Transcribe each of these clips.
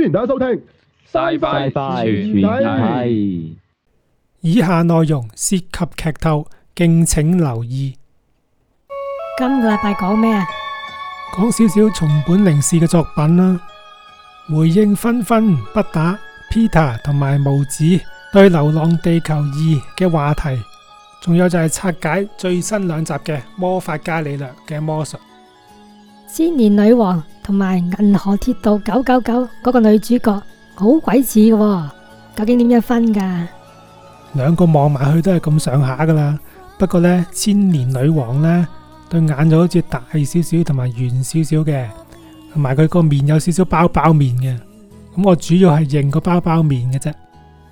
歡迎大家收聽，拜拜拜拜。體以下內容涉及劇透，敬請留意。今個禮拜講咩啊？講少少松本零士嘅作品啦，回應紛紛不打 Peter 同埋無子對《流浪地球二》嘅話題，仲有就係拆解最新兩集嘅魔法伽利略嘅魔術。千年女王同埋銀河鐵道九九九嗰個女主角好鬼似嘅，究竟點樣分噶？兩個望埋去都係咁上下噶啦。不過呢，千年女王呢對眼就好似大少少同埋圓少少嘅，同埋佢個面有少少包包面嘅。咁我主要係認個包包面嘅啫。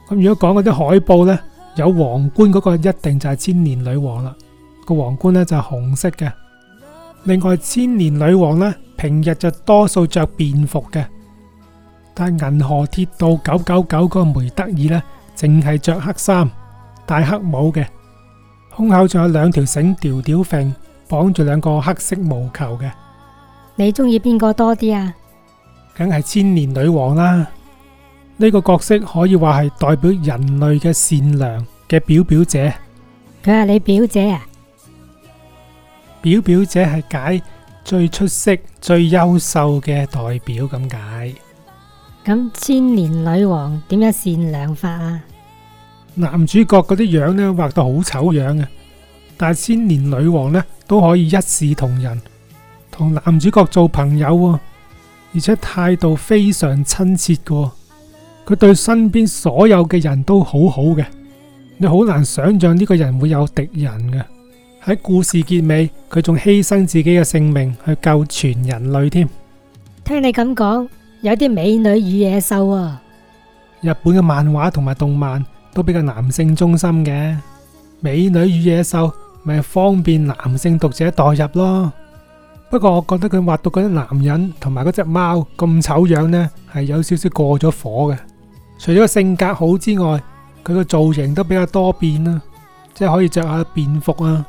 咁如果講嗰啲海報呢，有皇冠嗰個一定就係千年女王啦。個皇冠呢，就係紅色嘅。另外，千年女王咧，平日就多數着便服嘅。但係銀河鐵道999個梅德爾咧，淨係着黑衫、戴黑帽嘅，胸口仲有兩條繩吊吊揈，綁住兩個黑色毛球嘅。你中意邊個多啲啊？梗係千年女王啦。呢個角色可以話係代表人類嘅善良嘅表表者。佢係你表姐啊？表表姐係解最出色、最優秀嘅代表咁解。咁千年女王點樣善良法啊？男主角嗰啲樣呢，畫到好醜樣嘅，但係千年女王呢，都可以一視同仁，同男主角做朋友，而且態度非常親切嘅。佢對身邊所有嘅人都好好嘅，你好難想象呢個人會有敵人嘅。喺故事結尾，佢仲犧牲自己嘅性命去救全人類添。聽你咁講，有啲美女與野獸啊！日本嘅漫畫同埋動漫都比較男性中心嘅，美女與野獸咪方便男性讀者代入咯。不過我覺得佢畫到嗰啲男人同埋嗰隻貓咁醜樣呢，係有少少過咗火嘅。除咗性格好之外，佢個造型都比較多變啦，即係可以着下便服啊。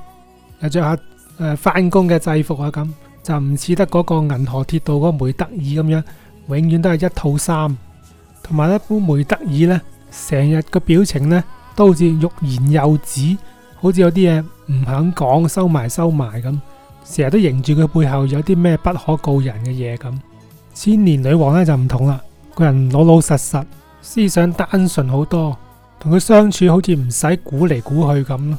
又着下誒翻工嘅制服啊，咁就唔似得嗰個銀河鐵道嗰梅德爾咁樣，永遠都係一套衫，同埋咧，嗰梅德爾呢成日個表情呢都好似欲言又止，好似有啲嘢唔肯講，收埋收埋咁，成日都迎住佢背後有啲咩不可告人嘅嘢咁。千年女王呢就唔同啦，個人老老實實，思想單純好多，同佢相處好似唔使估嚟估去咁咯。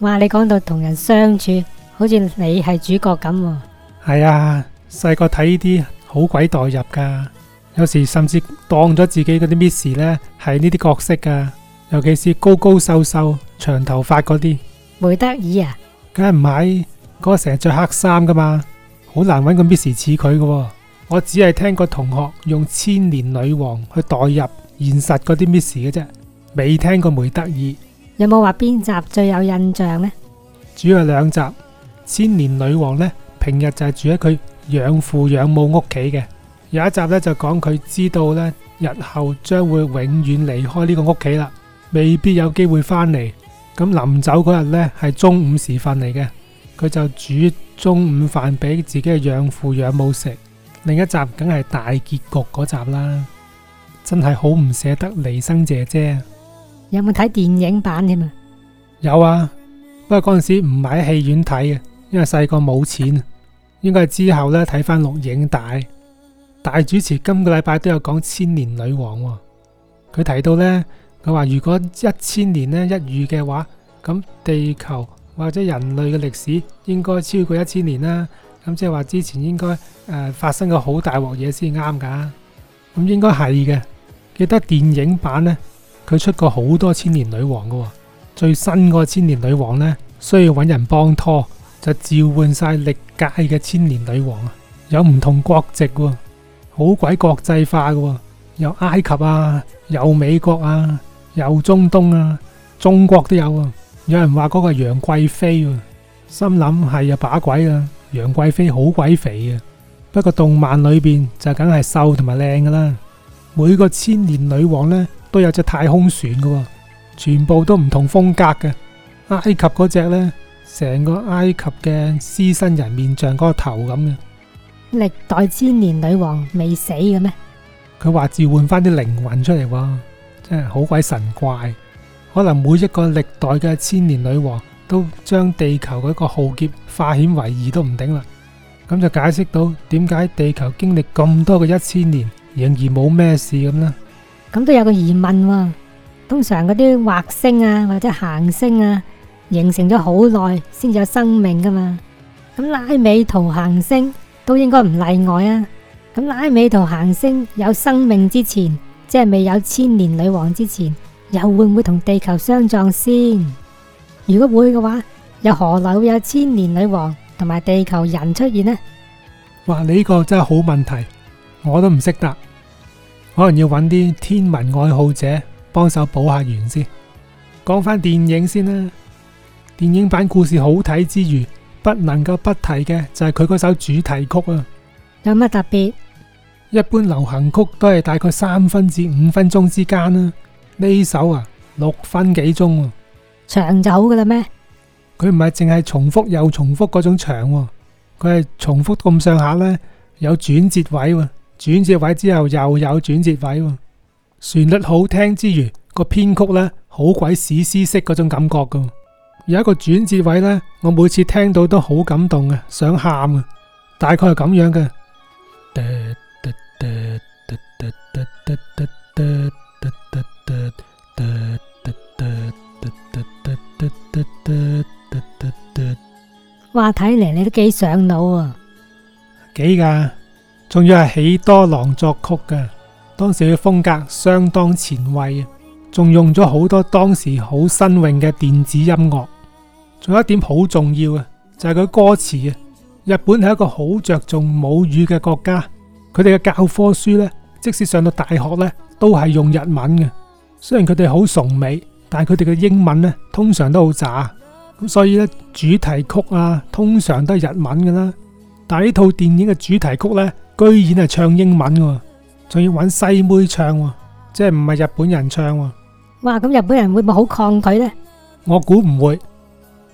哇！你講到同人相處，好似你係主角咁。係啊，細個睇呢啲好鬼代入噶，有時甚至當咗自己嗰啲 Miss 咧係呢啲角色噶，尤其是高高瘦瘦長頭髮嗰啲梅德爾啊，梗係唔係嗰個成日着黑衫噶嘛，好難搵個 Miss 似佢噶。我只係聽過同學用千年女王去代入現實嗰啲 Miss 嘅啫，未聽過梅德爾。有冇話邊集最有印象呢？主要兩集，千年女王呢平日就係住喺佢養父養母屋企嘅。有一集呢就講佢知道呢日後將會永遠離開呢個屋企啦，未必有機會翻嚟。咁臨走嗰日呢係中午時分嚟嘅，佢就煮中午飯俾自己嘅養父養母食。另一集梗係大結局嗰集啦，真係好唔捨得離生姐姐。有冇睇電影版添啊？有啊，不過嗰陣時唔係喺戲院睇嘅，因為細個冇錢。應該係之後呢睇返錄影帶。大主持今個禮拜都有講千年女王，佢提到呢，佢話如果一千年呢一遇嘅話，噉地球或者人類嘅歷史應該超過一千年啦。噉即係話之前應該，呃，發生過好大鑊嘢先啱㗎。噉應該係嘅。記得電影版呢。佢出過好多千年女王噶，最新個千年女王呢，需要搵人幫拖，就召喚晒歷屆嘅千年女王啊，有唔同國籍，好鬼國際化噶，有埃及啊，有美國啊，有中東啊，中國都有啊。有人話嗰個係楊貴妃，心諗係啊把鬼啊，楊貴妃好鬼肥啊，不過動漫裏邊就梗係瘦同埋靚噶啦。每個千年女王呢。都有隻太空船噶，全部都唔同風格嘅。埃及嗰隻咧，成個埃及嘅獅身人面像嗰個頭咁嘅。歷代千年女王未死嘅咩？佢話召喚翻啲靈魂出嚟，真係好鬼神怪。可能每一個歷代嘅千年女王都將地球嗰個浩劫化險為夷都唔定啦。咁就解釋到點解地球經歷咁多嘅一千年，仍然冇咩事咁呢。咁都有個疑問，哦，通常嗰啲惑星啊或者行星啊形成咗好耐先有生命噶嘛？咁拉美圖行星都應該唔例外啊！咁拉美圖行星有生命之前，即係未有千年女王之前，又會唔會同地球相撞先？如果會嘅話，又何來會有千年女王同埋地球人出現呢？哇！你呢個真係好問題，我都唔識答。可能要搵啲天文愛好者幫手補下完先。講翻電影先啦，電影版故事好睇之餘，不能夠不提嘅就係佢嗰首主題曲啊。有乜特別？一般流行曲都係大概三分至五分鐘之間啦。呢首啊六分幾鐘，長就好噶啦咩？佢唔係淨係重複又重複嗰種長，佢係重複咁上下呢，有轉折位喎。轉接位之後又有轉接位喎、哦，旋律好聽之餘個編曲呢，好鬼史詩式嗰種感覺噶，有一個轉接位呢，我每次聽到都好感動呀，想喊啊，大概係咁樣嘅。哇，睇嚟你都上腦、哦、幾上腦啊，幾噶？仲要係喜多郎作曲嘅，當時嘅風格相當前衛，仲用咗好多當時好新穎嘅電子音樂。仲有一點好重要嘅就係佢歌詞啊。日本係一個好着重母語嘅國家，佢哋嘅教科書咧，即使上到大學咧都係用日文嘅。雖然佢哋好崇美，但係佢哋嘅英文咧通常都好渣咁，所以咧主題曲啊通常都係日文㗎啦。但係呢套電影嘅主題曲咧，居然係唱英文嘅，仲要搵西妹唱，即係唔係日本人唱哇？咁日本人會唔會好抗拒呢？我估唔會，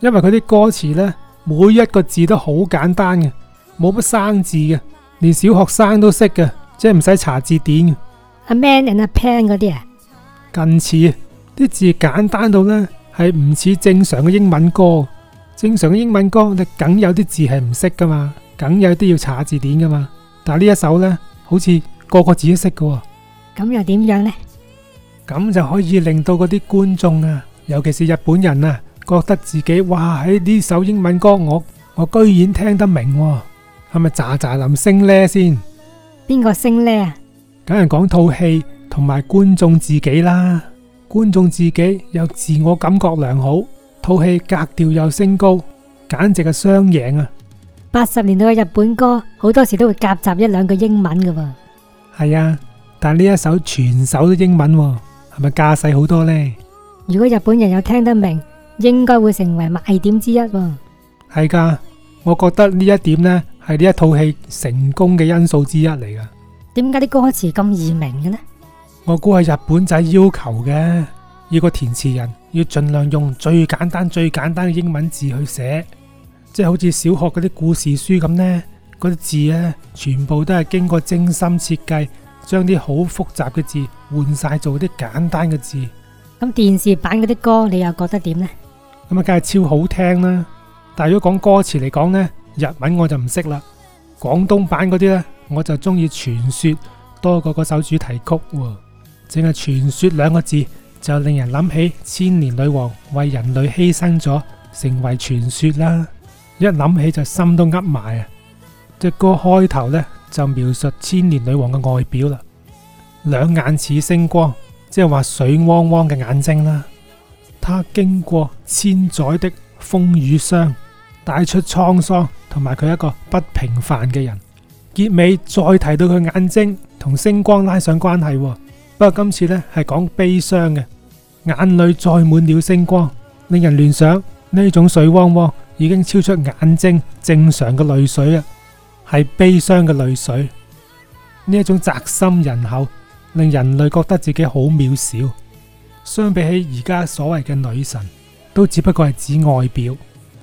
因為佢啲歌詞呢，每一個字都好簡單嘅，冇乜生字嘅，連小學生都識嘅，即係唔使查字典。A man and a pen 嗰啲啊，近似啲字簡單到呢，係唔似正常嘅英文歌。正常嘅英文歌你梗有啲字係唔識噶嘛，梗有啲要查字典噶嘛。但係呢一首呢，好似個個自己識嘅喎。咁又點樣呢？咁就可以令到嗰啲觀眾啊，尤其是日本人啊，覺得自己哇，喺、欸、呢首英文歌我，我我居然聽得明、哦，係咪喳喳臨咁升呢先？邊個升呢啊？梗係講套戲同埋觀眾自己啦。觀眾自己又自我感覺良好，套戲格調又升高，簡直係雙贏啊！八十年代嘅日本歌，好多時都會夾雜一兩句英文嘅喎。係啊，但係呢一首全首都英文，係咪架勢好多呢？如果日本人有聽得明，應該會成為賣點之一喎。係噶，我覺得呢一點呢係呢一套戲成功嘅因素之一嚟噶。點解啲歌詞咁易明嘅呢？我估係日本仔要求嘅，要個填詞人要盡量用最簡單、最簡單嘅英文字去寫。即係好似小學嗰啲故事書咁呢，嗰啲字呢，全部都係經過精心設計，將啲好複雜嘅字換晒做啲簡單嘅字。咁電視版嗰啲歌，你又覺得點呢？咁啊，梗係超好聽啦！但係如果講歌詞嚟講呢，日文我就唔識啦。廣東版嗰啲呢，我就中意傳說多過嗰首主題曲喎。淨係傳說兩個字就令人諗起千年女王為人類犧牲咗，成為傳說啦。一諗起就心都噏埋啊！隻歌開頭呢就描述千年女王嘅外表啦，兩眼似星光，即係話水汪汪嘅眼睛啦。她經過千載的風雨霜，帶出滄桑同埋佢一個不平凡嘅人。結尾再提到佢眼睛同星光拉上關係，不過今次呢係講悲傷嘅眼裏載滿了星光，令人聯想呢種水汪汪。已經超出眼睛正常嘅淚水啊，係悲傷嘅淚水。呢一種宅心仁厚，令人類覺得自己好渺小。相比起而家所謂嘅女神，都只不過係指外表。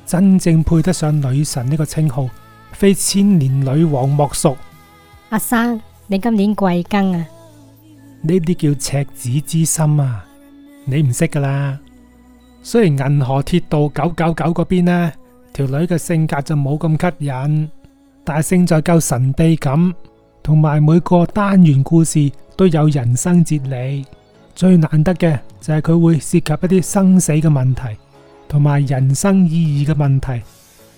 真正配得上女神呢個稱號，非千年女王莫屬。阿生，你今年貴庚啊？呢啲叫赤子之心啊，你唔識噶啦。雖然銀河鐵道九九九嗰邊呢條女嘅性格就冇咁吸引，但係勝在夠神秘感，同埋每個單元故事都有人生哲理。最難得嘅就係佢會涉及一啲生死嘅問題，同埋人生意義嘅問題。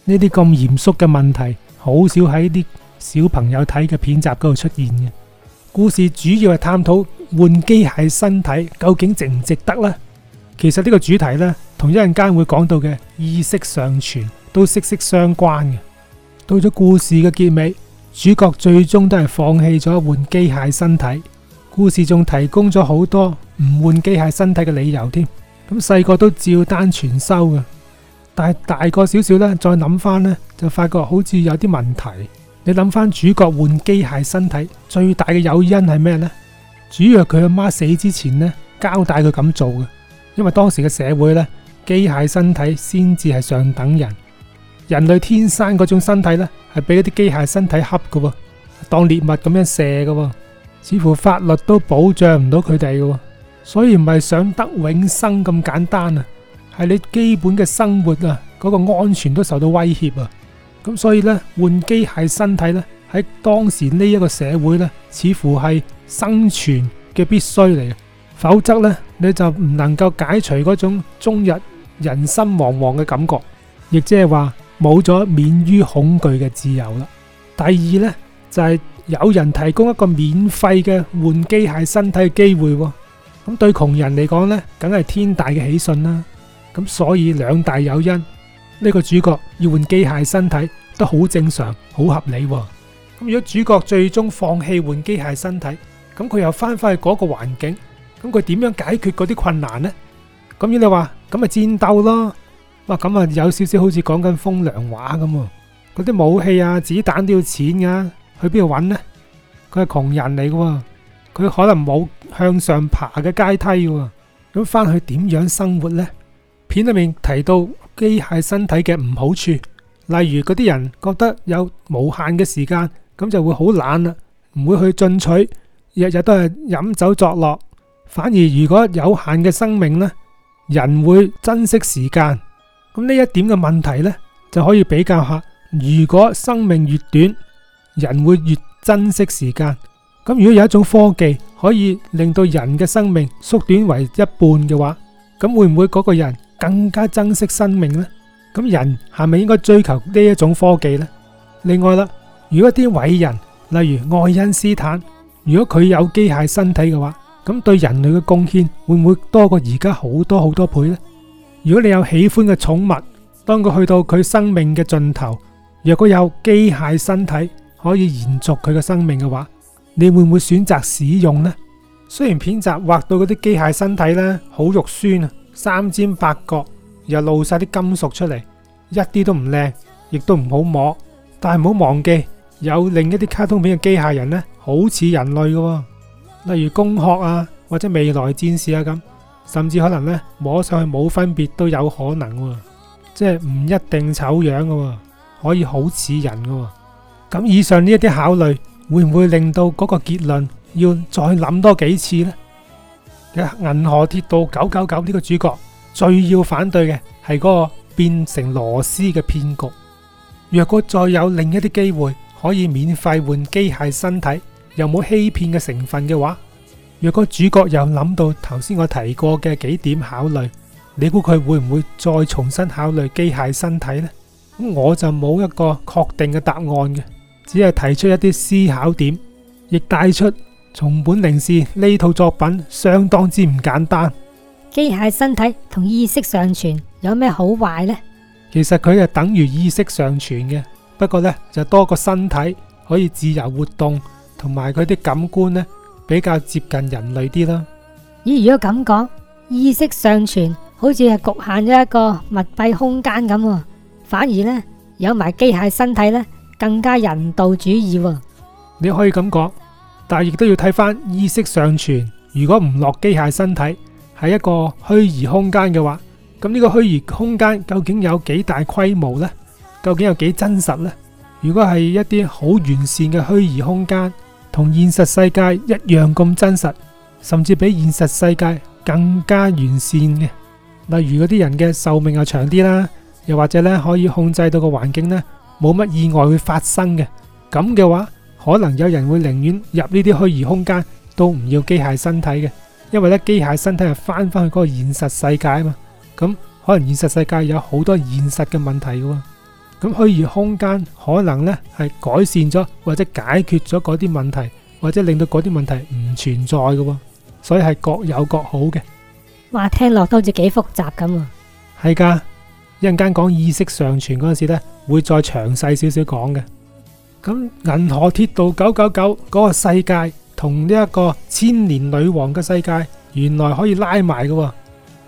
呢啲咁嚴肅嘅問題，好少喺啲小朋友睇嘅片集嗰度出現嘅。故事主要係探討換機械身體究竟值唔值得呢？其實呢個主題呢，同一陣間會講到嘅意識上傳都息息相關嘅。到咗故事嘅結尾，主角最終都係放棄咗換機械身體。故事仲提供咗好多唔換機械身體嘅理由添。咁細個都照單全收嘅，但係大個少少呢，再諗翻，呢就發覺好似有啲問題。你諗翻主角換機械身體最大嘅誘因係咩呢？主要係佢阿媽死之前呢，交代佢咁做嘅。因為當時嘅社會呢，機械身體先至係上等人，人類天生嗰種身體呢，係俾嗰啲機械身體恰噶，當獵物咁樣射噶，似乎法律都保障唔到佢哋噶，所以唔係想得永生咁簡單啊，係你基本嘅生活啊，嗰個安全都受到威脅啊，咁所以呢，換機械身體呢，喺當時呢一個社會呢，似乎係生存嘅必須嚟。否則咧，你就唔能夠解除嗰種終日人心惶惶嘅感覺，亦即係話冇咗免於恐懼嘅自由啦。第二咧就係有人提供一個免費嘅換機械身體嘅機會，咁對窮人嚟講咧，梗係天大嘅喜訊啦。咁所以兩大誘因，呢個主角要換機械身體都好正常，好合理喎。咁如果主角最終放棄換機械身體，咁佢又翻返去嗰個環境。咁佢點樣解決嗰啲困難呢？咁如你話咁咪戰鬥咯，哇咁啊有少少好似講緊風涼話咁。嗰啲武器啊、子彈都要錢噶、啊，去邊度揾呢？佢係窮人嚟噶，佢可能冇向上爬嘅階梯噶、啊。咁翻去點樣生活呢？片裏面提到機械身體嘅唔好處，例如嗰啲人覺得有無限嘅時間，咁就會好懶啦，唔會去進取，日日都係飲酒作樂。反而，如果有限嘅生命呢，人會珍惜時間。咁呢一點嘅問題呢，就可以比較下。如果生命越短，人會越珍惜時間。咁如果有一種科技可以令到人嘅生命縮短為一半嘅話，咁會唔會嗰個人更加珍惜生命呢？咁人係咪應該追求呢一種科技呢？另外啦，如果啲偉人，例如愛因斯坦，如果佢有機械身體嘅話，咁對人類嘅貢獻會唔會多過而家好多好多倍呢？如果你有喜歡嘅寵物，當佢去到佢生命嘅盡頭，若果有機械身體可以延續佢嘅生命嘅話，你會唔會選擇使用呢？雖然片集畫到嗰啲機械身體咧好肉酸啊，三尖八角又露晒啲金屬出嚟，一啲都唔靚，亦都唔好摸。但係唔好忘記，有另一啲卡通片嘅機械人咧，好似人類嘅。例如工學啊，或者未來戰士啊咁，甚至可能呢，摸上去冇分別都有可能、啊，即係唔一定醜樣噶、啊，可以好似人噶、啊。咁、嗯、以上呢一啲考慮，會唔會令到嗰個結論要再諗多幾次呢？銀河鐵道九九九呢個主角最要反對嘅係嗰個變成螺絲嘅騙局。若果再有另一啲機會可以免費換機械身體，又冇欺騙嘅成分嘅話，若果主角又諗到頭先我提過嘅幾點考慮，你估佢會唔會再重新考慮機械身體呢？咁我就冇一個確定嘅答案嘅，只係提出一啲思考點，亦帶出《重本靈視》呢套作品相當之唔簡單。機械身體同意識上傳有咩好壞呢？其實佢係等於意識上傳嘅，不過呢，就多個身體可以自由活動。同埋佢啲感官呢，比較接近人類啲啦。咦，如果咁講，意識上傳好似係局限咗一個密閉空間咁，反而呢有埋機械身體呢，更加人道主義。你可以咁講，但係亦都要睇返意識上傳。如果唔落機械身體，係一個虛擬空間嘅話，咁呢個虛擬空間究竟有幾大規模呢？究竟有幾真實呢？如果係一啲好完善嘅虛擬空間。同現實世界一樣咁真實，甚至比現實世界更加完善嘅，例如嗰啲人嘅壽命又長啲啦，又或者咧可以控制到個環境咧，冇乜意外會發生嘅。咁嘅話，可能有人會寧願入呢啲虛擬空間，都唔要機械身體嘅，因為咧機械身體係翻翻去嗰個現實世界啊嘛，咁可能現實世界有好多現實嘅問題噶喎。咁虛擬空間可能呢係改善咗，或者解決咗嗰啲問題，或者令到嗰啲問題唔存在㗎喎，所以係各有各好嘅。話聽落都好似幾複雜咁啊！係㗎，一陣間講意識上傳嗰陣時咧，會再詳細少少講嘅。咁銀河鐵道九九九嗰個世界同呢一個千年女王嘅世界，原來可以拉埋嘅喎，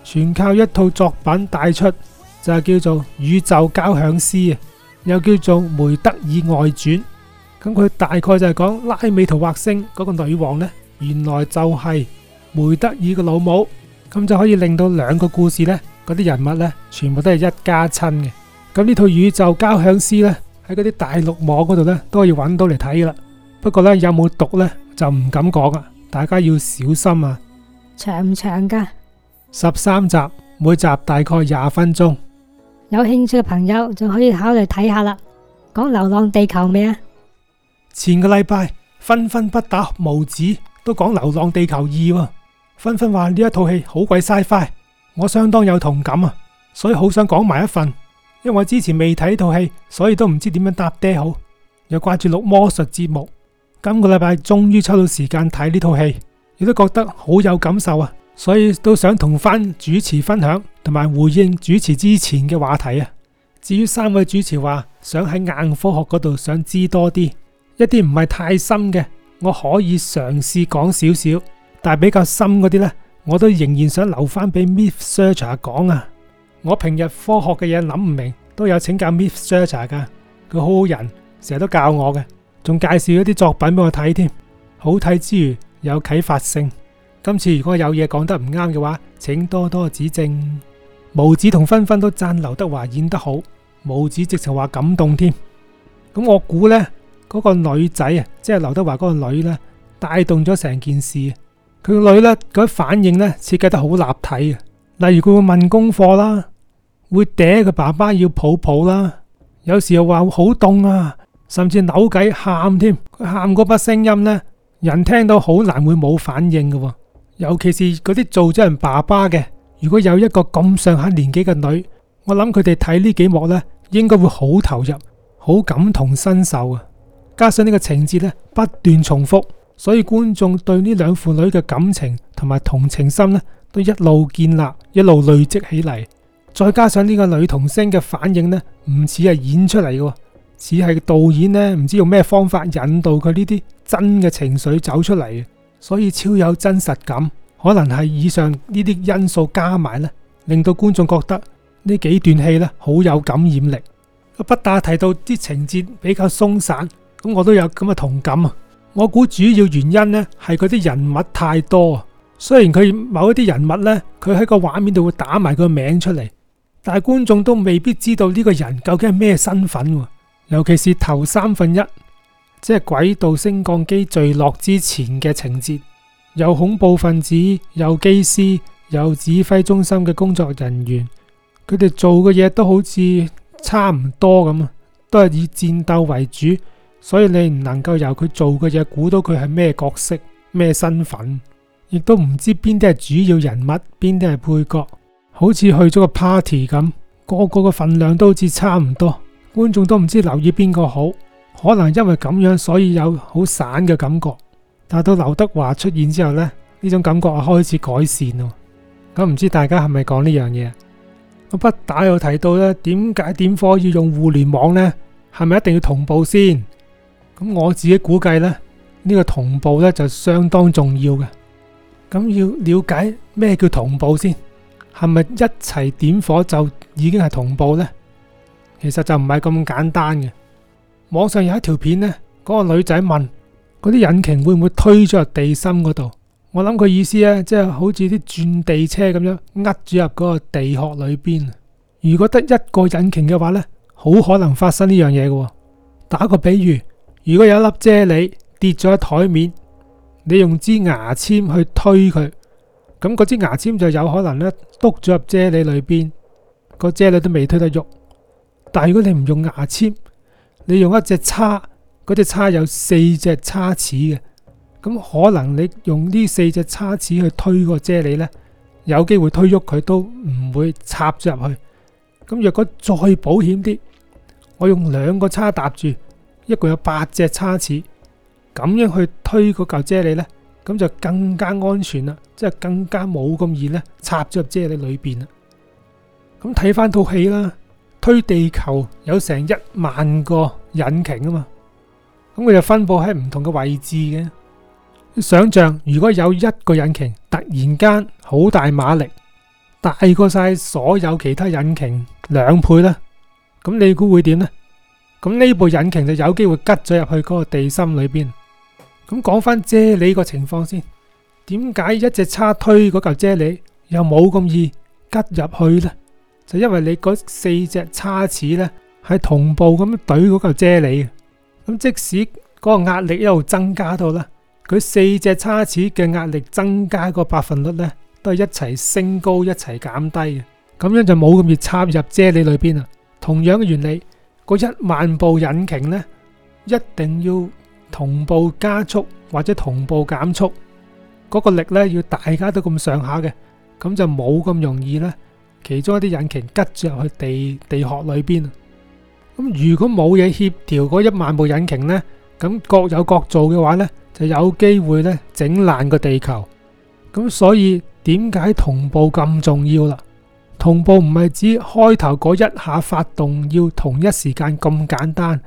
全靠一套作品帶出。就叫做《宇宙交響詩》啊，又叫做《梅德爾外傳》。咁佢大概就係講拉美圖畫星嗰個女王咧，原來就係梅德爾個老母，咁就可以令到兩個故事呢，嗰啲人物呢，全部都係一家親嘅。咁呢套《宇宙交響詩》呢，喺嗰啲大陸網嗰度呢，都可以揾到嚟睇噶啦。不過呢，有冇讀呢？就唔敢講啊，大家要小心啊。長唔長噶？十三集，每集大概廿分鐘。有興趣嘅朋友就可以考慮睇下啦。講《流浪地球》未啊？前個禮拜紛紛不打無止都講《流浪地球二》喎，紛紛話呢一套戲好鬼 sci-fi，我相當有同感啊！所以好想講埋一份，因為之前未睇呢套戲，所以都唔知點樣搭爹好，又掛住錄魔術節目。今個禮拜終於抽到時間睇呢套戲，亦都覺得好有感受啊！所以都想同翻主持分享同埋回應主持之前嘅話題啊。至於三位主持話想喺硬科學嗰度想知多啲，一啲唔係太深嘅，我可以嘗試講少少，但係比較深嗰啲呢，我都仍然想留翻俾 myth searcher 講啊。我平日科學嘅嘢諗唔明，都有請教 myth searcher 噶，佢好好人，成日都教我嘅，仲介紹一啲作品俾我睇添，好睇之餘有啟發性。今次如果有嘢講得唔啱嘅話，請多多指正。毛子同芬芬都贊劉德華演得好，毛子直情話感動添。咁我估呢，嗰、那個女仔啊，即係劉德華嗰個女呢，帶動咗成件事。佢個女呢，嗰反應呢設計得好立體啊。例如佢會問功課啦，會嗲佢爸爸要抱抱啦，有時候又話好凍啊，甚至扭計喊添。佢喊嗰筆聲音呢，人聽到好難會冇反應嘅。尤其是嗰啲做咗人爸爸嘅，如果有一個咁上下年紀嘅女，我諗佢哋睇呢幾幕呢，應該會好投入、好感同身受啊！加上呢個情節呢，不斷重複，所以觀眾對呢兩父女嘅感情同埋同情心呢，都一路建立、一路累積起嚟。再加上呢個女童聲嘅反應呢，唔似係演出嚟嘅，似係導演呢唔知用咩方法引導佢呢啲真嘅情緒走出嚟。所以超有真實感，可能係以上呢啲因素加埋呢，令到觀眾覺得呢幾段戲呢好有感染力。不打提到啲情節比較鬆散，咁我都有咁嘅同感啊！我估主要原因呢係佢啲人物太多，雖然佢某一啲人物呢，佢喺個畫面度會打埋個名出嚟，但係觀眾都未必知道呢個人究竟係咩身份喎，尤其是頭三分一。即係軌道升降機墜落之前嘅情節，有恐怖分子，有機師，有指揮中心嘅工作人員，佢哋做嘅嘢都好似差唔多咁啊，都係以戰鬥為主，所以你唔能夠由佢做嘅嘢估到佢係咩角色、咩身份，亦都唔知邊啲係主要人物，邊啲係配角，好似去咗個 party 咁，個個嘅份量都好似差唔多，觀眾都唔知留意邊個好。可能因為咁樣，所以有好散嘅感覺。但係到劉德華出現之後咧，呢種感覺啊開始改善咯。咁唔知大家係咪講呢樣嘢？我不打又提到咧，點解點火要用互聯網咧？係咪一定要同步先？咁我自己估計咧，呢個同步咧就相當重要嘅。咁要了解咩叫同步先？係咪一齊點火就已經係同步咧？其實就唔係咁簡單嘅。網上有一條片呢，嗰個女仔問嗰啲引擎會唔會推咗入地心嗰度？我諗佢意思咧，即係好似啲轉地車咁樣，呃住入嗰個地殼裏邊。如果得一個引擎嘅話呢，好可能發生呢樣嘢嘅。打個比喻，如果有一粒啫喱跌咗喺台面，你用支牙籤去推佢，咁嗰支牙籤就有可能咧，篤咗入啫喱裏邊，個啫喱都未推得喐，但如果你唔用牙籤，你用一隻叉，嗰隻叉有四隻叉齒嘅，咁可能你用呢四隻叉齒去推個啫喱呢，有機會推喐佢都唔會插咗入去。咁若果再保險啲，我用兩個叉搭住，一共有八隻叉齒，咁樣去推嗰嚿啫喱呢，咁就更加安全啦，即係更加冇咁易咧插咗入啫喱裏邊啦。咁睇翻套戲啦。推地球有成一萬個引擎啊嘛，咁佢就分布喺唔同嘅位置嘅。想象如果有一個引擎突然間好大馬力，大過晒所有其他引擎兩倍啦，咁你估會點呢？咁呢部引擎就有機會吉咗入去嗰個地心裏邊。咁講翻啫喱個情況先，點解一隻叉推嗰嚿啫喱又冇咁易吉入去呢？就因為你嗰四隻叉齒咧，係同步咁懟嗰嚿啫喱，咁即使嗰個壓力一路增加到咧，佢四隻叉齒嘅壓力增加個百分率咧，都係一齊升高一齊減低嘅，咁樣就冇咁易插入啫喱裏，裏邊啊。同樣嘅原理，個一萬步引擎咧，一定要同步加速或者同步減速，嗰、嗰個力咧要大家都咁上下嘅，咁就冇咁容易咧。其中一啲引擎吉住入去地地殼裏邊啊！咁如果冇嘢協調嗰一萬部引擎呢，咁各有各做嘅話呢，就有機會呢整爛個地球。咁所以點解同步咁重要啦？同步唔係指開頭嗰一下發動要同一時間咁簡單，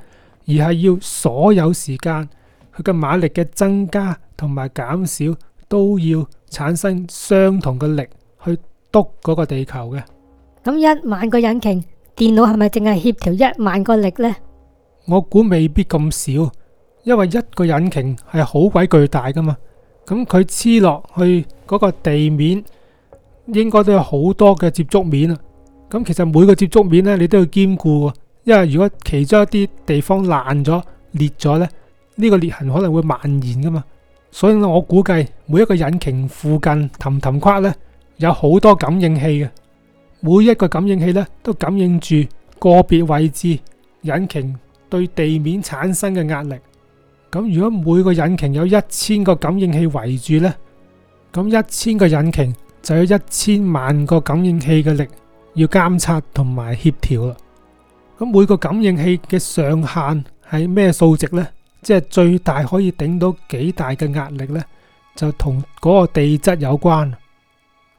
而係要所有時間佢嘅馬力嘅增加同埋減少都要產生相同嘅力去。捉嗰個地球嘅，咁一萬個引擎電腦係咪淨係協調一萬個力咧？我估未必咁少，因為一個引擎係好鬼巨大噶嘛，咁佢黐落去嗰個地面應該都有好多嘅接觸面啊。咁其實每個接觸面咧，你都要兼顧，因為如果其中一啲地方爛咗、裂咗咧，呢個裂痕可能會蔓延噶嘛。所以咧，我估計每一個引擎附近氹氹誇咧。有好多感應器嘅，每一個感應器呢都感應住個別位置引擎對地面產生嘅壓力。咁如果每個引擎有一千個感應器圍住呢，咁一千個引擎就有一千萬個感應器嘅力要監察同埋協調啦。咁每個感應器嘅上限係咩數值呢？即係最大可以頂到幾大嘅壓力呢？就同嗰個地質有關。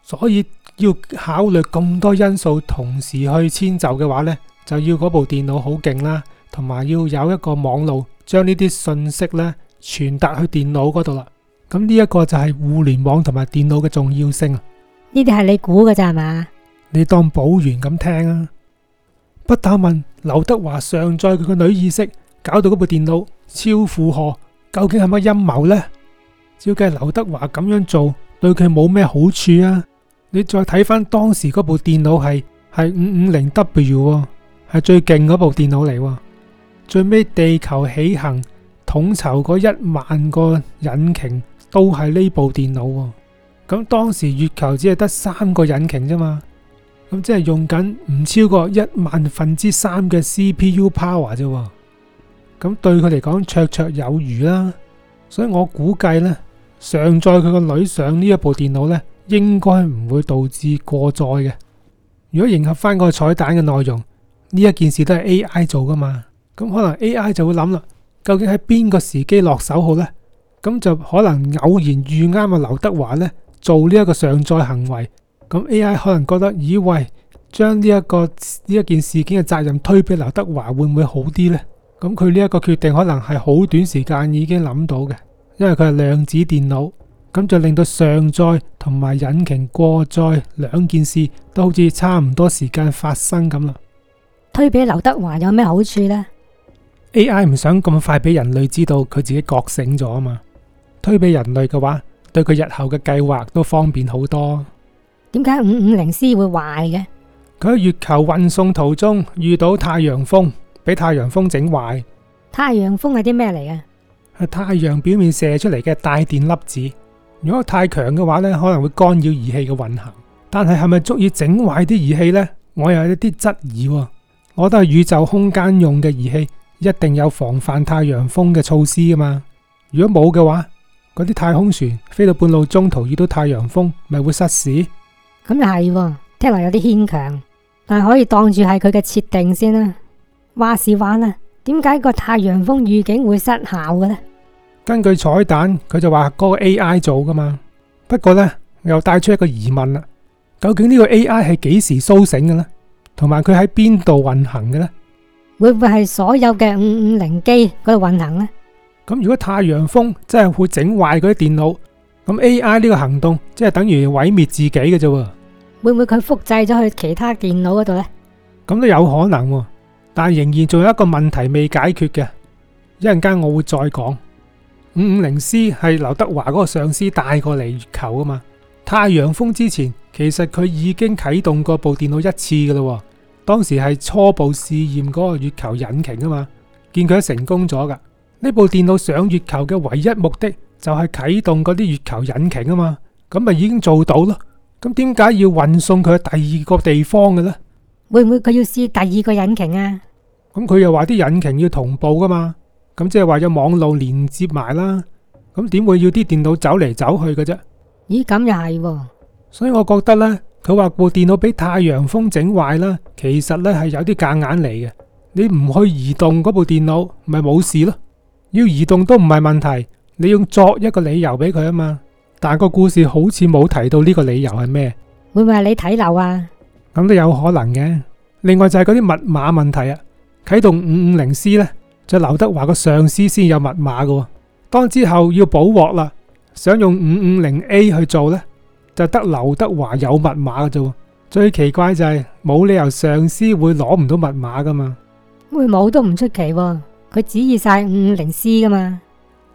所以要考慮咁多因素同時去遷就嘅話呢，就要嗰部電腦好勁啦，同埋要有一個網路將呢啲信息咧傳達去電腦嗰度啦。咁呢一個就係互聯網同埋電腦嘅重要性啊。呢啲係你估嘅咋嘛？你當保源咁聽啊！不打問，劉德華上載佢個女意識，搞到嗰部電腦超負荷，究竟係乜陰謀呢？照計係劉德華咁樣做對佢冇咩好處啊！你再睇翻當時嗰部電腦係係五五零 W，係、哦、最勁嗰部電腦嚟，哦，最尾地球起行，統籌嗰一萬個引擎都係呢部電腦、哦。咁當時月球只係得三個引擎啫嘛，咁即係用緊唔超過一萬分之三嘅 CPU power 啫。咁對佢嚟講，綽綽有餘啦。所以我估計呢，常載上載佢個女上呢一部電腦呢。應該唔會導致過載嘅。如果迎合翻個彩蛋嘅內容，呢一件事都係咁就令到上載同埋引擎過載，兩件事都好似差唔多時間發生咁啦。推俾劉德華有咩好處呢？A.I. 唔想咁快俾人類知道佢自己覺醒咗啊嘛。推俾人類嘅話，對佢日後嘅計劃都方便好多。點解五五零 C 會壞嘅？佢喺月球運送途中遇到太陽風，俾太陽風整壞。太陽風係啲咩嚟嘅？係太陽表面射出嚟嘅帶電粒子。如果太強嘅話咧，可能會干擾儀器嘅運行。但係係咪足以整壞啲儀器呢？我又有一啲質疑、哦。我覺得宇宙空間用嘅儀器，一定有防範太陽風嘅措施㗎嘛。如果冇嘅話，嗰啲太空船飛到半路，中途遇到太陽風，咪會失事？咁又係，聽落有啲牽強，但係可以當住係佢嘅設定先啦、啊。話時話啦，點解個太陽風預警會失效嘅呢？根據彩蛋，佢就話嗰個 A.I. 做噶嘛。不過呢，又帶出一個疑問啦。究竟呢個 A.I. 係幾時蘇醒嘅呢？同埋佢喺邊度運行嘅呢？會唔會係所有嘅五五零機嗰度運行呢？咁如果太陽風真係會整壞嗰啲電腦，咁 A.I. 呢個行動即係等於毀滅自己嘅啫。會唔會佢複製咗去其他電腦嗰度呢？咁都有可能啊，但仍然仲有一個問題未解決嘅。一陣間我會再講。五五零 C 係劉德華嗰個上司帶過嚟月球噶嘛？太陽風之前其實佢已經啟動過部電腦一次噶啦，當時係初步試驗嗰個月球引擎噶嘛，見佢都成功咗噶。呢部電腦上月球嘅唯一目的就係啟動嗰啲月球引擎啊嘛，咁咪已經做到咯。咁點解要運送佢去第二個地方嘅咧？會唔會佢要試第二個引擎啊？咁佢、嗯、又話啲引擎要同步噶嘛？咁即係話有網絡連接埋啦，咁點會要啲電腦走嚟走去嘅啫？咦，咁又係，所以我覺得呢，佢話部電腦俾太陽風整壞啦，其實呢係有啲夾硬嚟嘅。你唔去移動嗰部電腦，咪冇事咯。要移動都唔係問題，你用作一個理由俾佢啊嘛。但個故事好似冇提到呢個理由係咩？會唔會係你睇漏啊？咁都有可能嘅。另外就係嗰啲密碼問題啊，啟動五五零 C 呢。就劉德華個上司先有密碼噶，當之後要補鑊啦，想用 550A 去做咧，就得劉德華有密碼嘅啫。最奇怪就係冇理由上司會攞唔到密碼噶嘛，會冇都唔出奇，佢指意晒 550C 噶嘛。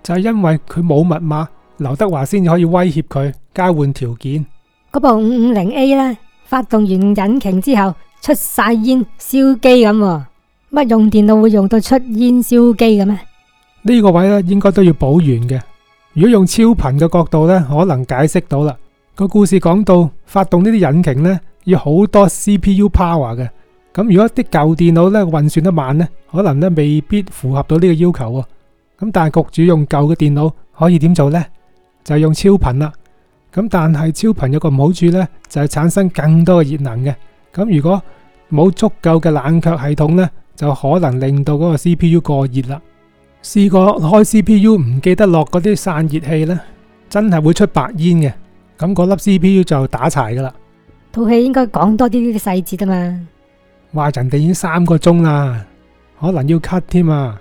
就係因為佢冇密碼，劉德華先可以威脅佢交換條件。嗰部 550A 咧，發動完引擎之後出晒煙燒機咁。乜用電腦會用到出煙燒機嘅咩？呢個位咧，應該都要補完嘅。如果用超頻嘅角度咧，可能解釋到啦。個故事講到發動呢啲引擎咧，要好多 CPU power 嘅。咁如果啲舊電腦咧，運算得慢咧，可能咧未必符合到呢個要求啊。咁但係局主用舊嘅電腦可以點做呢？就用超頻啦。咁但係超頻有個唔好處咧，就係產生更多嘅熱能嘅。咁如果冇足夠嘅冷卻系統咧，就可能令到嗰個 CPU 過熱啦。試過開 CPU 唔記得落嗰啲散熱器咧，真係會出白煙嘅。咁嗰粒 CPU 就打柴噶啦。套戲應該講多啲呢啲細節啊嘛。話人哋已經三個鐘啦，可能要 cut 添啊。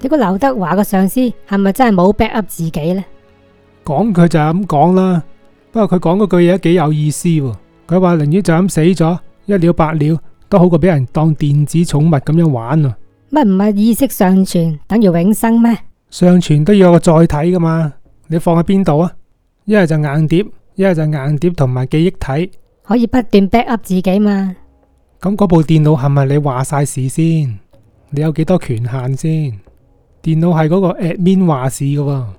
你個劉德華個上司係咪真係冇 back up 自己呢？講佢就咁講啦。不過佢講嗰句嘢幾有意思喎。佢話寧願就咁死咗，一了百了。都好過俾人當電子寵物咁樣玩啊！乜唔係意識上傳等於永生咩？上傳都要有個載體噶嘛？你放喺邊度啊？一係就硬碟，一係就硬碟同埋記憶體，可以不斷 backup 自己嘛？咁嗰、嗯、部電腦係咪你話晒事先？你有幾多權限先？電腦係嗰個 a t m i n 話事噶、哦、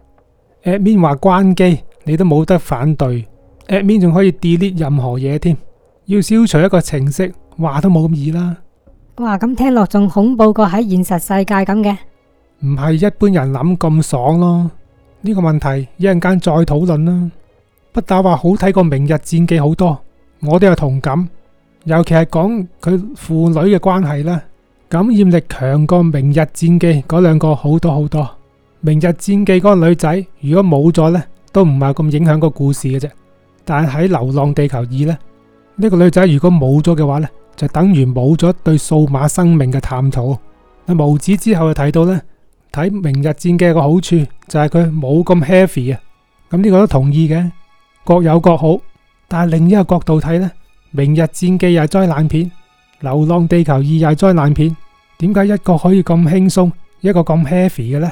a t m i n 話關機你都冇得反對 a t m i n 仲可以 delete 任何嘢添，要消除一個程式。話都冇咁易啦。哇，咁聽落仲恐怖過喺現實世界咁嘅。唔係一般人諗咁爽咯。呢個問題一陣間再討論啦。不打話好睇過《明日戰記》好多，我都有同感。尤其係講佢父女嘅關係啦，感染力強過明很多很多《明日戰記》嗰兩個好多好多。《明日戰記》嗰個女仔如果冇咗呢，都唔係咁影響個故事嘅啫。但喺《流浪地球二》呢，呢個女仔如果冇咗嘅話呢，就等於冇咗對數碼生命嘅探討。無子之後就睇到呢，睇《明日戰記》嘅好處就係佢冇咁 heavy 啊。咁呢個都同意嘅，各有各好。但係另一個角度睇呢，《明日戰記》又係災難片，《流浪地球二》又係災難片，點解一個可以咁輕鬆，一個咁 heavy 嘅呢？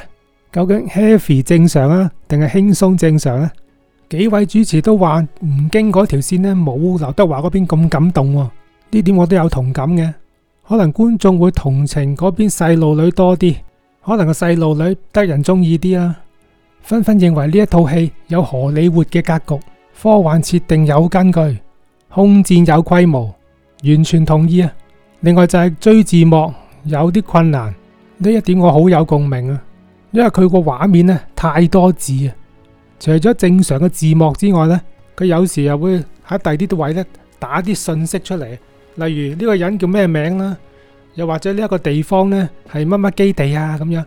究竟 heavy 正常啊，定係輕鬆正常咧、啊？幾位主持都話吳京嗰條線呢，冇劉德華嗰邊咁感動、啊。呢點我都有同感嘅，可能觀眾會同情嗰邊細路女多啲，可能個細路女得人中意啲啊！紛紛認為呢一套戲有荷里活嘅格局，科幻設定有根據，空戰有規模，完全同意啊！另外就係追字幕有啲困難，呢一點我好有共鳴啊，因為佢個畫面呢太多字啊，除咗正常嘅字幕之外呢，佢有時又會喺第啲位呢打啲信息出嚟。例如呢個人叫咩名啦，又或者呢一個地方呢係乜乜基地啊咁樣，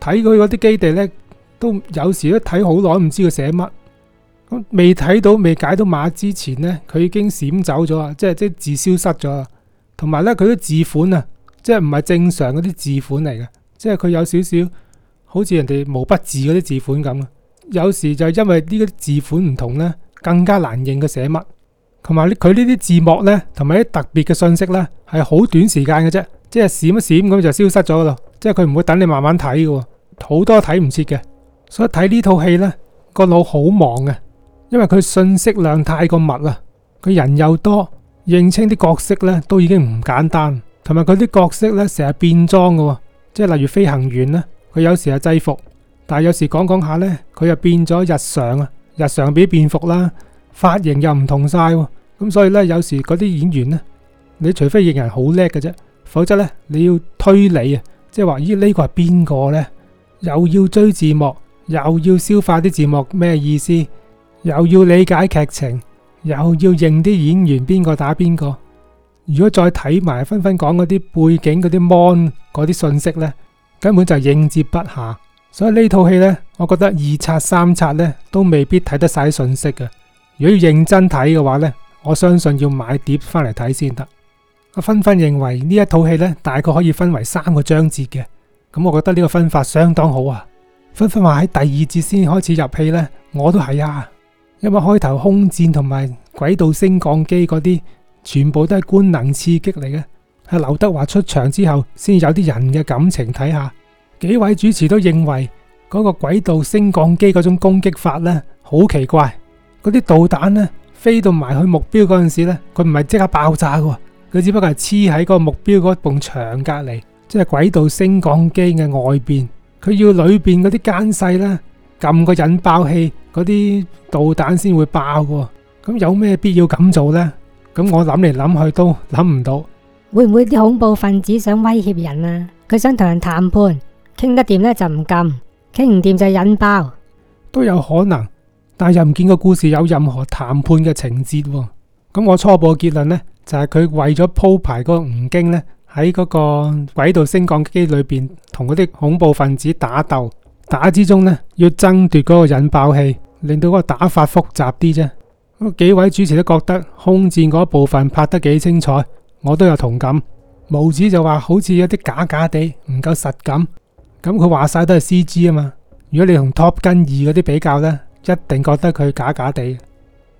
睇佢嗰啲基地呢，都有時都睇好耐唔知佢寫乜。咁未睇到未解到碼之前呢，佢已經閃走咗啊！即係即係字消失咗，同埋呢，佢啲字款啊，即係唔係正常嗰啲字款嚟嘅，即係佢有少少好似人哋毛筆字嗰啲字款咁啊。有時就因為呢啲字款唔同呢，更加難認佢寫乜。同埋佢呢啲字幕呢，同埋啲特別嘅信息呢，係好短時間嘅啫，即係閃一閃咁就消失咗喇。即係佢唔會等你慢慢睇嘅，好多睇唔切嘅。所以睇呢套戲呢，個腦好忙嘅，因為佢信息量太過密啦。佢人又多，認清啲角色呢都已經唔簡單。同埋佢啲角色呢成日變裝嘅，即係例如飛行員呢，佢有時係制服，但係有時講講下呢，佢又變咗日常啊，日常俾變服啦。髮型又唔同曬，咁所以呢，有時嗰啲演員呢，你除非認人好叻嘅啫，否則呢，你要推理啊，即係話呢個係邊個呢？又要追字幕，又要消化啲字幕咩意思，又要理解劇情，又要認啲演員邊個打邊個。如果再睇埋分分講嗰啲背景嗰啲 mon 嗰啲信息呢，根本就應接不下。所以呢套戲呢，我覺得二刷三刷呢，都未必睇得晒信息嘅。如果要認真睇嘅話呢，我相信要買碟翻嚟睇先得。阿芬芬認為呢一套戲呢，大概可以分為三個章節嘅，咁我覺得呢個分法相當好啊。芬芬話喺第二節先開始入戲呢，我都係啊，因為開頭空戰同埋軌道升降機嗰啲，全部都係官能刺激嚟嘅，係劉德華出場之後先有啲人嘅感情睇下。幾位主持都認為嗰個軌道升降機嗰種攻擊法呢，好奇怪。嗰啲導彈咧飛到埋去目標嗰陣時咧，佢唔係即刻爆炸㗎，佢只不過係黐喺個目標嗰埲牆隔籬，即係軌道升降機嘅外邊。佢要裏邊嗰啲奸細咧撳個引爆器，嗰啲導彈先會爆㗎。咁有咩必要咁做咧？咁我諗嚟諗去都諗唔到。會唔會啲恐怖分子想威脅人啊？佢想同人談判，傾得掂咧就唔撳，傾唔掂就引爆，都有可能。但又唔見個故事有任何談判嘅情節。哦，咁我初步嘅結論呢，就係、是、佢為咗鋪排個吳京呢，喺嗰個軌道升降機裏邊同嗰啲恐怖分子打鬥，打之中呢，要爭奪嗰個引爆器，令到嗰個打法複雜啲啫。咁幾位主持都覺得空戰嗰部分拍得幾精彩，我都有同感。無子就話好似有啲假假地，唔夠實感。咁佢話晒都係 C G 啊嘛。如果你同 Top Gun 二嗰啲比較呢，一定覺得佢假假地。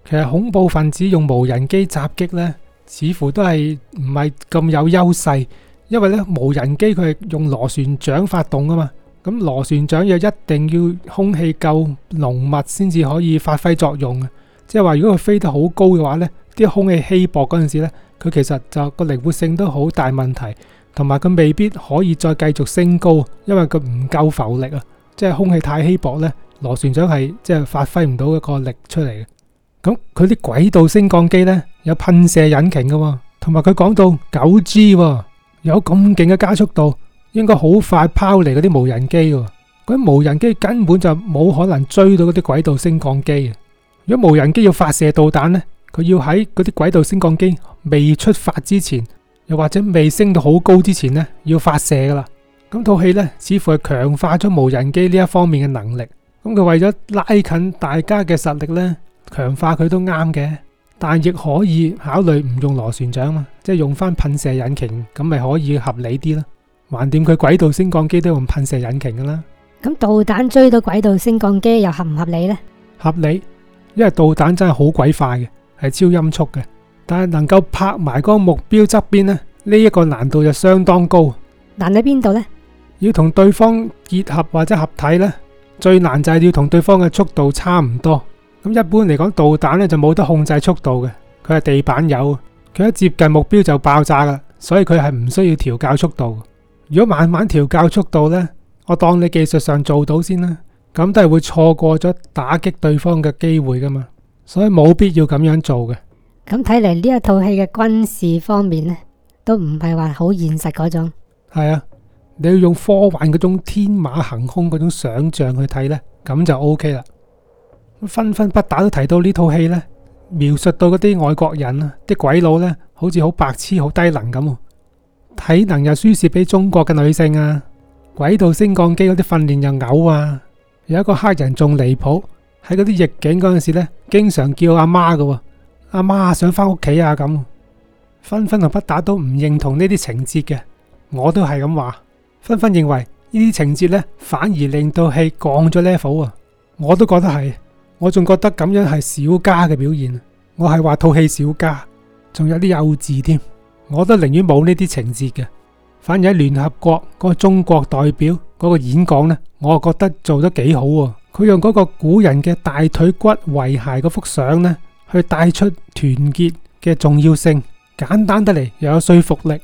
其實恐怖分子用無人機襲擊呢，似乎都係唔係咁有優勢，因為呢無人機佢係用螺旋槳發動啊嘛。咁、嗯、螺旋槳又一定要空氣夠濃密先至可以發揮作用啊。即係話如果佢飛得好高嘅話呢，啲空氣稀薄嗰陣時呢，佢其實就個靈活性都好大問題，同埋佢未必可以再繼續升高，因為佢唔夠浮力啊，即係空氣太稀薄呢。螺旋槳係即係發揮唔到一個力出嚟嘅，咁佢啲軌道升降機呢，有噴射引擎噶、哦，同埋佢講到 9G、哦、有咁勁嘅加速度，應該好快拋離嗰啲無人機、哦。嗰啲無人機根本就冇可能追到嗰啲軌道升降機。如果無人機要發射導彈呢，佢要喺嗰啲軌道升降機未出發之前，又或者未升到好高之前呢，要發射噶啦。咁套戲呢，似乎係強化咗無人機呢一方面嘅能力。咁佢為咗拉近大家嘅實力呢，強化佢都啱嘅，但亦可以考慮唔用螺旋槳嘛，即係用翻噴射引擎，咁咪可以合理啲囉。橫掂佢軌道升降機都用噴射引擎噶啦。咁導彈追到軌道升降機又合唔合理呢？合理，因為導彈真係好鬼快嘅，係超音速嘅，但係能夠拍埋嗰個目標側邊呢，呢一個難度就相當高。難喺邊度呢？要同對方結合或者合體呢？最難就係要同對方嘅速度差唔多，咁一般嚟講，導彈咧就冇得控制速度嘅，佢係地板油，佢一接近目標就爆炸啦，所以佢係唔需要調校速度。如果慢慢調校速度呢，我當你技術上做到先啦，咁都係會錯過咗打擊對方嘅機會噶嘛，所以冇必要咁樣做嘅。咁睇嚟呢一套戲嘅軍事方面呢，都唔係話好現實嗰種。係啊。你要用科幻嗰種天馬行空嗰種想象去睇咧，咁就 O K 啦。紛紛不打都提到呢套戲咧，描述到嗰啲外國人啊，啲鬼佬咧，好似好白痴、好低能咁。體能又輸蝕俾中國嘅女性啊，軌道升降機嗰啲訓練又嘔啊。有一個黑人仲離譜，喺嗰啲逆境嗰陣時咧，經常叫阿媽噶，阿媽想翻屋企啊咁。紛紛同不打都唔認同呢啲情節嘅，我都係咁話。紛紛認為呢啲情節呢，反而令到戲降咗 level 啊！我都覺得係，我仲覺得咁樣係小家嘅表現。我係話套戲小家，仲有啲幼稚添。我都寧願冇呢啲情節嘅。反而喺聯合國嗰個中國代表嗰個演講呢，我啊覺得做得幾好啊！佢用嗰個古人嘅大腿骨遺骸嗰幅相呢，去帶出團結嘅重要性，簡單得嚟，又有說服力。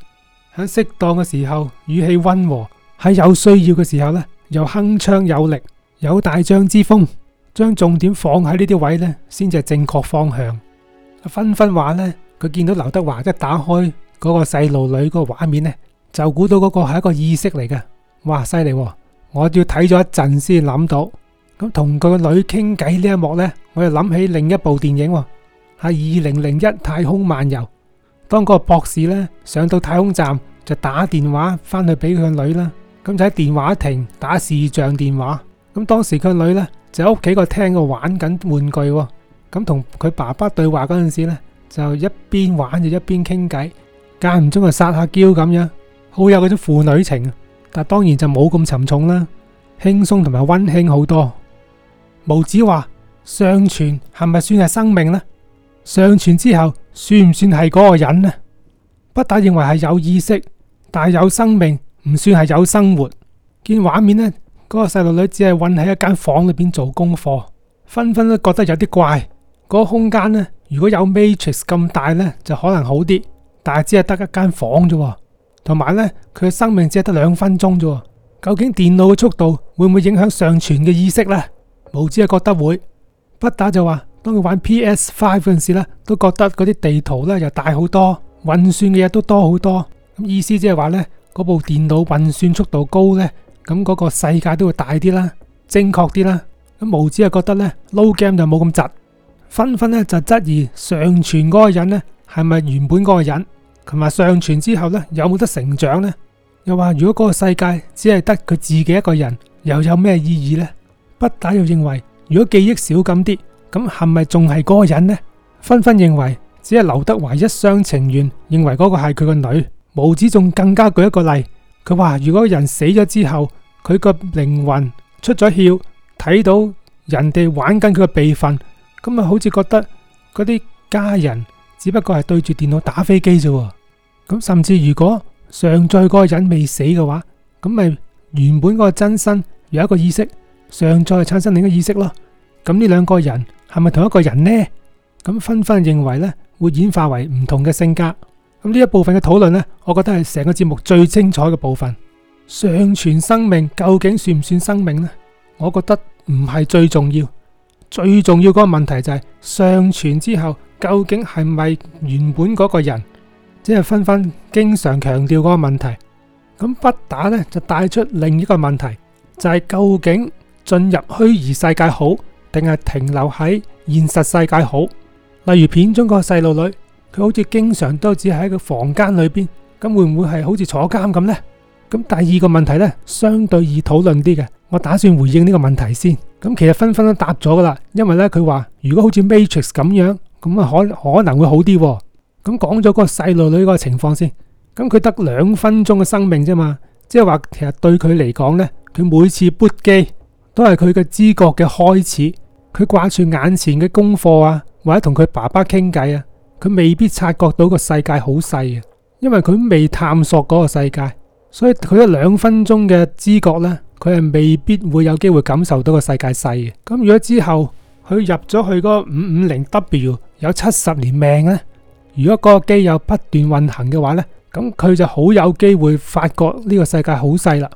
喺適當嘅時候語氣溫和，喺有需要嘅時候呢又鏗鏘有力，有大將之風，將重點放喺呢啲位呢，先至係正確方向。芬芬話呢，佢見到劉德華一打開嗰個細路女嗰個畫面呢，就估到嗰個係一個意識嚟嘅，哇，犀利！我要睇咗一陣先諗到，咁同佢個女傾偈呢一幕呢，我又諗起另一部電影，係二零零一太空漫遊，當嗰個博士呢上到太空站。就打電話翻去俾佢個女啦，咁就喺電話亭打視像電話。咁當時佢個女呢就喺屋企個廳度玩緊玩具，咁同佢爸爸對話嗰陣時呢就一邊玩就一邊傾偈，間唔中就撒下嬌咁樣，好有嗰種父女情。但係當然就冇咁沉重啦，輕鬆同埋溫馨好多。無子話上傳係咪算係生命呢？上傳之後算唔算係嗰個人呢？不打認為係有意識。但係有生命唔算係有生活。見畫面呢，嗰個細路女只係困喺一間房裏邊做功課，紛紛都覺得有啲怪。嗰個空間呢，如果有 Matrix 咁大呢，就可能好啲。但係只係得一間房啫，同埋呢，佢嘅生命只係得兩分鐘啫。究竟電腦嘅速度會唔會影響上傳嘅意識呢？無知係覺得會，不打就話當佢玩 PS5 陣時呢，都覺得嗰啲地圖呢又大好多，運算嘅嘢都多好多。意思即係話呢，嗰部電腦運算速度高呢，咁嗰個世界都會大啲啦，精確啲啦。咁毛子啊，覺得呢撈 game 就冇咁窒。紛紛呢，就質疑「上傳嗰個人呢，係咪原本嗰個人，同埋上傳之後呢，有冇得成長呢？」又話「如果嗰個世界只係得佢自己一個人，又有咩意義呢？」筆打又認為如果記憶少咁啲，咁係咪仲係嗰個人呢？紛紛認為只係劉德華一廂情願認為嗰個係佢個女。毛子仲更加舉一個例，佢話如果人死咗之後，佢個靈魂出咗竅，睇到人哋玩緊佢個備份，咁咪好似覺得嗰啲家人只不過係對住電腦打飛機咋？咁甚至如果上載嗰個人未死嘅話，咁咪原本嗰個真身有一個意識，上載產生另一個意識咯。咁呢兩個人係咪同一個人呢？咁紛紛認為咧，會演化為唔同嘅性格。咁呢一部分嘅討論呢，我覺得係成個節目最精彩嘅部分。上傳生命究竟算唔算生命呢？我覺得唔係最重要，最重要嗰個問題就係上傳之後究竟係咪原本嗰個人？即係分翻，經常強調嗰個問題。咁不打呢，就帶出另一個問題，就係究竟進入虛擬世界好定係停留喺現實世界好？例如片中個細路女。佢好似經常都只係喺個房間裏邊，咁會唔會係好似坐監咁呢？咁第二個問題呢，相對易討論啲嘅，我打算回應呢個問題先。咁其實分分都答咗噶啦，因為呢，佢話如果好似 Matrix 咁樣，咁啊可可能會好啲喎。咁講咗個細路女個情況先，咁佢得兩分鐘嘅生命啫嘛，即係話其實對佢嚟講呢，佢每次 boot 機都係佢嘅知覺嘅開始，佢掛住眼前嘅功課啊，或者同佢爸爸傾偈啊。佢未必察覺到個世界好細啊，因為佢未探索嗰個世界，所以佢一兩分鐘嘅知覺呢，佢係未必會有機會感受到個世界細嘅。咁如果之後佢入咗去個五五零 W 有七十年命呢？如果個機有不斷運行嘅話呢，咁佢就好有機會發覺呢個世界好細啦。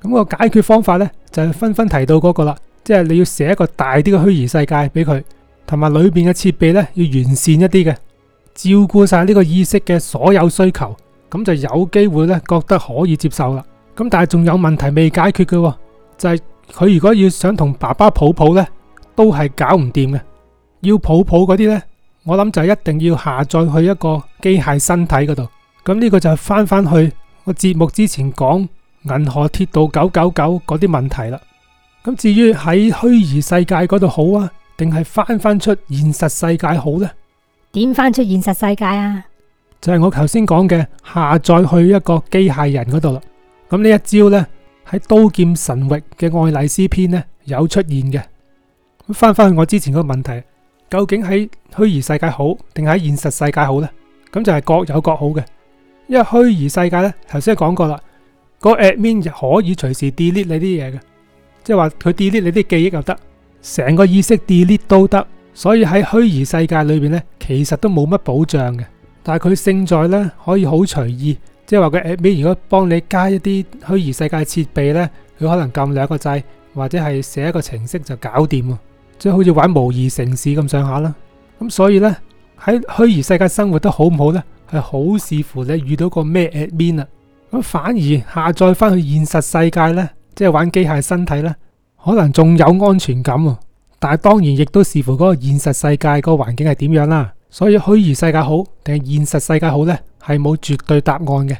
咁個解決方法呢，就係紛紛提到嗰個啦，即係你要寫一個大啲嘅虛擬世界俾佢，同埋裏邊嘅設備呢，要完善一啲嘅。照顧晒呢個意識嘅所有需求，咁就有機會呢覺得可以接受啦。咁但係仲有問題未解決嘅，哦，就係、係，佢如果要想同爸爸抱抱呢，都係搞唔掂嘅。要抱抱嗰啲呢，我諗就一定要下載去一個機械身體嗰度。咁呢個就係翻翻去我節目之前講銀河鐵道九九九嗰啲問題啦。咁至於喺虛擬世界嗰度好啊，定係翻翻出現實世界好呢？點翻出現實世界啊？就係我頭先講嘅下載去一個機械人嗰度啦。咁呢一招呢，喺刀劍神域嘅愛麗絲篇呢，有出現嘅。咁翻翻去我之前嗰個問題，究竟喺虛擬世界好定喺現實世界好呢？咁就係各有各好嘅。因為虛擬世界呢，頭先講過啦，個 admin 可以隨時 delete 你啲嘢嘅，即係話佢 delete 你啲記憶又得，成個意識 delete 都得。所以喺虛擬世界裏邊咧，其實都冇乜保障嘅。但係佢勝在咧可以好隨意，即係話個 admin 如果幫你加一啲虛擬世界設備咧，佢可能撳兩個掣，或者係寫一個程式就搞掂啊，即係好似玩模擬城市咁上下啦。咁所以咧喺虛擬世界生活得好唔好咧，係好視乎你遇到個咩 admin 啊。咁反而下載翻去現實世界咧，即係玩機械身體咧，可能仲有安全感喎、哦。但係當然亦都視乎嗰個現實世界個環境係點樣啦，所以虛擬世界好定係現實世界好呢，係冇絕對答案嘅，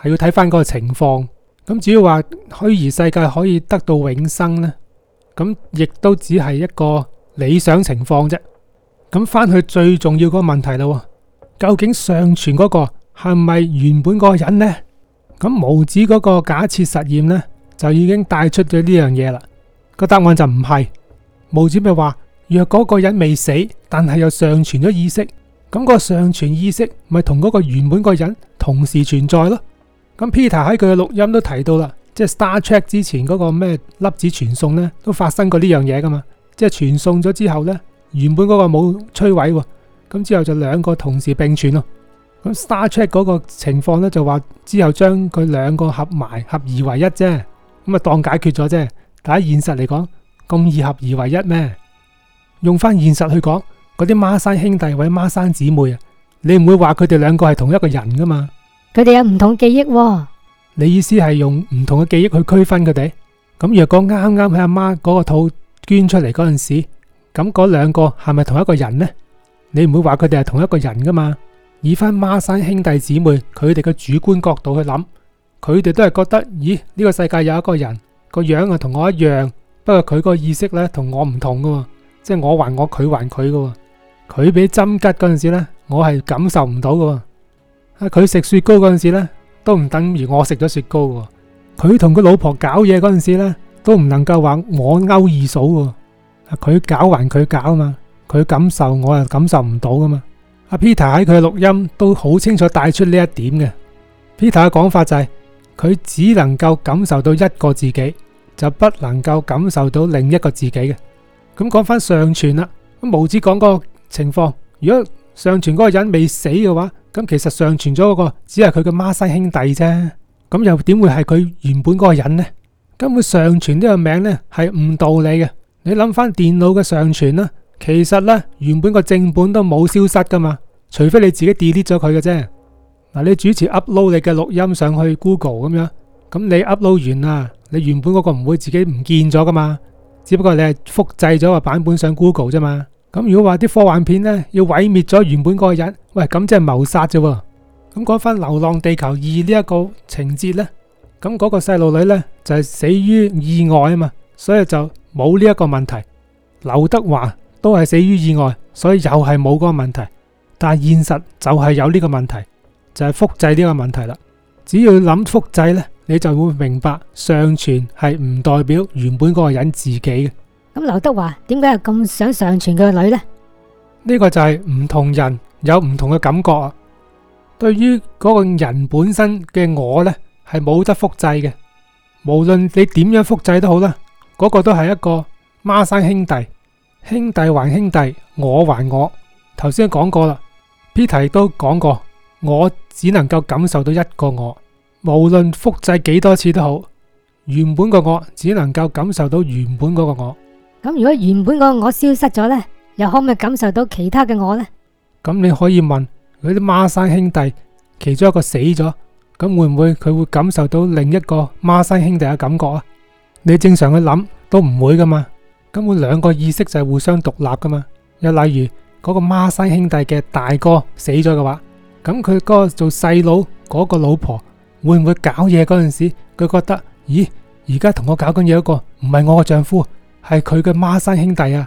係要睇翻嗰個情況。咁只要話虛擬世界可以得到永生呢，咁亦都只係一個理想情況啫。咁翻去最重要嗰個問題啦，究竟上傳嗰個係咪原本嗰個人呢？咁無止嗰個假設實驗呢，就已經帶出咗呢樣嘢啦。個答案就唔係。毛子咪話，若嗰個人未死，但係又上傳咗意識，咁個上傳意識咪同嗰個原本個人同時存在咯。咁 Peter 喺佢嘅錄音都提到啦，即係 Star Trek 之前嗰個咩粒子傳送呢都發生過呢樣嘢噶嘛。即係傳送咗之後呢，原本嗰個冇摧毀喎，咁之後就兩個同時並存咯。咁 Star Trek 嗰個情況呢，就話之後將佢兩個合埋合二為一啫，咁啊當解決咗啫。但係現實嚟講，咁二合而為一咩？用翻現實去講，嗰啲孖生兄弟或者孖生姊妹啊，你唔會話佢哋兩個係同一個人噶嘛？佢哋有唔同記憶。哦。你意思係用唔同嘅記憶去區分佢哋？咁若果啱啱喺阿媽嗰個肚捐出嚟嗰陣時，咁嗰兩個係咪同一個人呢？你唔會話佢哋係同一個人噶嘛？以翻孖生兄弟姊妹佢哋嘅主觀角度去諗，佢哋都係覺得咦，呢個世界有一個人個樣啊，同我一樣。因為佢個意識咧同我唔同噶即係我還我，佢還佢噶佢俾針拮嗰陣時咧，我係感受唔到噶啊，佢食雪糕嗰陣時咧，都唔等於我食咗雪糕噶佢同佢老婆搞嘢嗰陣時咧，都唔能夠話我勾二嫂噶啊，佢搞還佢搞嘛，佢感受我係感受唔到噶嘛。阿 Peter 喺佢錄音都好清楚帶出呢一點嘅。Peter 嘅講法就係佢只能夠感受到一個自己，就不能夠感受到另一個自己嘅。咁講翻上傳啦，咁無止講嗰個情況，如果上傳嗰個人未死嘅話，咁其實上傳咗嗰個只係佢嘅孖生兄弟啫。咁又點會係佢原本嗰個人呢？根本上傳呢個名咧係唔道理嘅。你諗翻電腦嘅上傳啦，其實咧原本個正本都冇消失噶嘛，除非你自己 delete 咗佢嘅啫。嗱，你主持 upload 你嘅錄音上去 Google 咁樣。咁你 upload 完啦，你原本嗰個唔會自己唔見咗噶嘛？只不過你係複製咗個版本上 Google 啫嘛。咁如果話啲科幻片呢，要毀滅咗原本嗰個人，喂，咁即係謀殺啫。咁講翻《流浪地球二》呢一個情節呢，咁嗰個細路女呢就係死於意外啊嘛，所以就冇呢一個問題。劉德華都係死於意外，所以又係冇嗰個問題。但係現實就係有呢個問題，就係複製呢個問題啦。只要諗複製呢。你就會明白，上傳係唔代表原本嗰個人自己嘅。咁劉德華點解又咁想上傳佢個女呢？呢個就係唔同人有唔同嘅感覺啊！對於嗰個人本身嘅我呢，係冇得複製嘅。無論你點樣複製都好啦，嗰個都係一個孖生兄弟，兄弟還兄弟，我還我。頭先講過啦，Peter 都講過，我只能夠感受到一個我。無論複製幾多次都好，原本個我只能夠感受到原本嗰個我。咁如果原本個我消失咗呢，又可唔可以感受到其他嘅我呢？咁你可以問嗰啲孖生兄弟，其中一個死咗，咁會唔會佢會感受到另一個孖生兄弟嘅感覺啊？你正常去諗都唔會噶嘛，根本兩個意識就係互相獨立噶嘛。又例如嗰個孖生兄弟嘅大哥死咗嘅話，咁佢嗰個做細佬嗰個老婆。會唔會搞嘢嗰陣時，佢覺得咦？而家同我搞緊嘢嗰個唔係我嘅丈夫，係佢嘅孖生兄弟啊！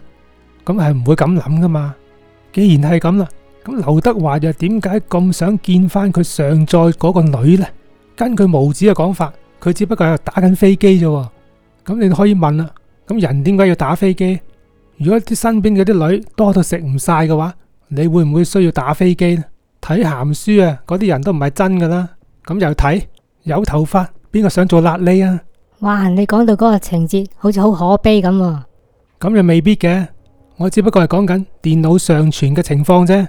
咁係唔會咁諗噶嘛？既然係咁啦，咁劉德華又點解咁想見翻佢上載嗰個女呢？根據無子嘅講法，佢只不過係打緊飛機啫。咁你可以問啦，咁人點解要打飛機？如果啲身邊嗰啲女多到食唔晒嘅話，你會唔會需要打飛機？睇鹹書啊，嗰啲人都唔係真噶啦。咁又睇有頭髮，邊個想做辣痢啊？哇！你講到嗰個情節，好似好可悲咁。咁又未必嘅，我只不過係講緊電腦上傳嘅情況啫。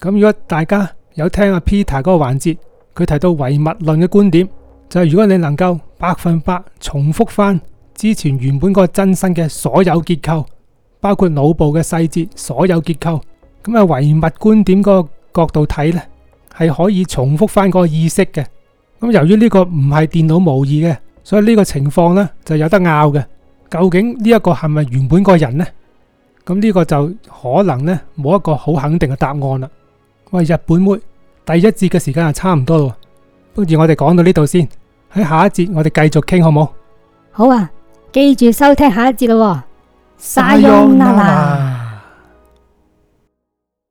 咁如果大家有聽阿 Peter 嗰個環節，佢提到唯物論嘅觀點，就係如果你能夠百分百重複翻之前原本嗰個真身嘅所有結構，包括腦部嘅細節所有結構，咁啊唯物觀點嗰個角度睇呢。係可以重複翻個意識嘅，咁、嗯、由於呢個唔係電腦模擬嘅，所以呢個情況呢就有得拗嘅。究竟呢一個係咪原本個人呢？咁、嗯、呢、這個就可能呢冇一個好肯定嘅答案啦。喂，日本妹，第一節嘅時間係差唔多咯，不如我哋講到呢度先，喺下一節我哋繼續傾好冇？好啊，記住收聽下一節咯，曬腰啦。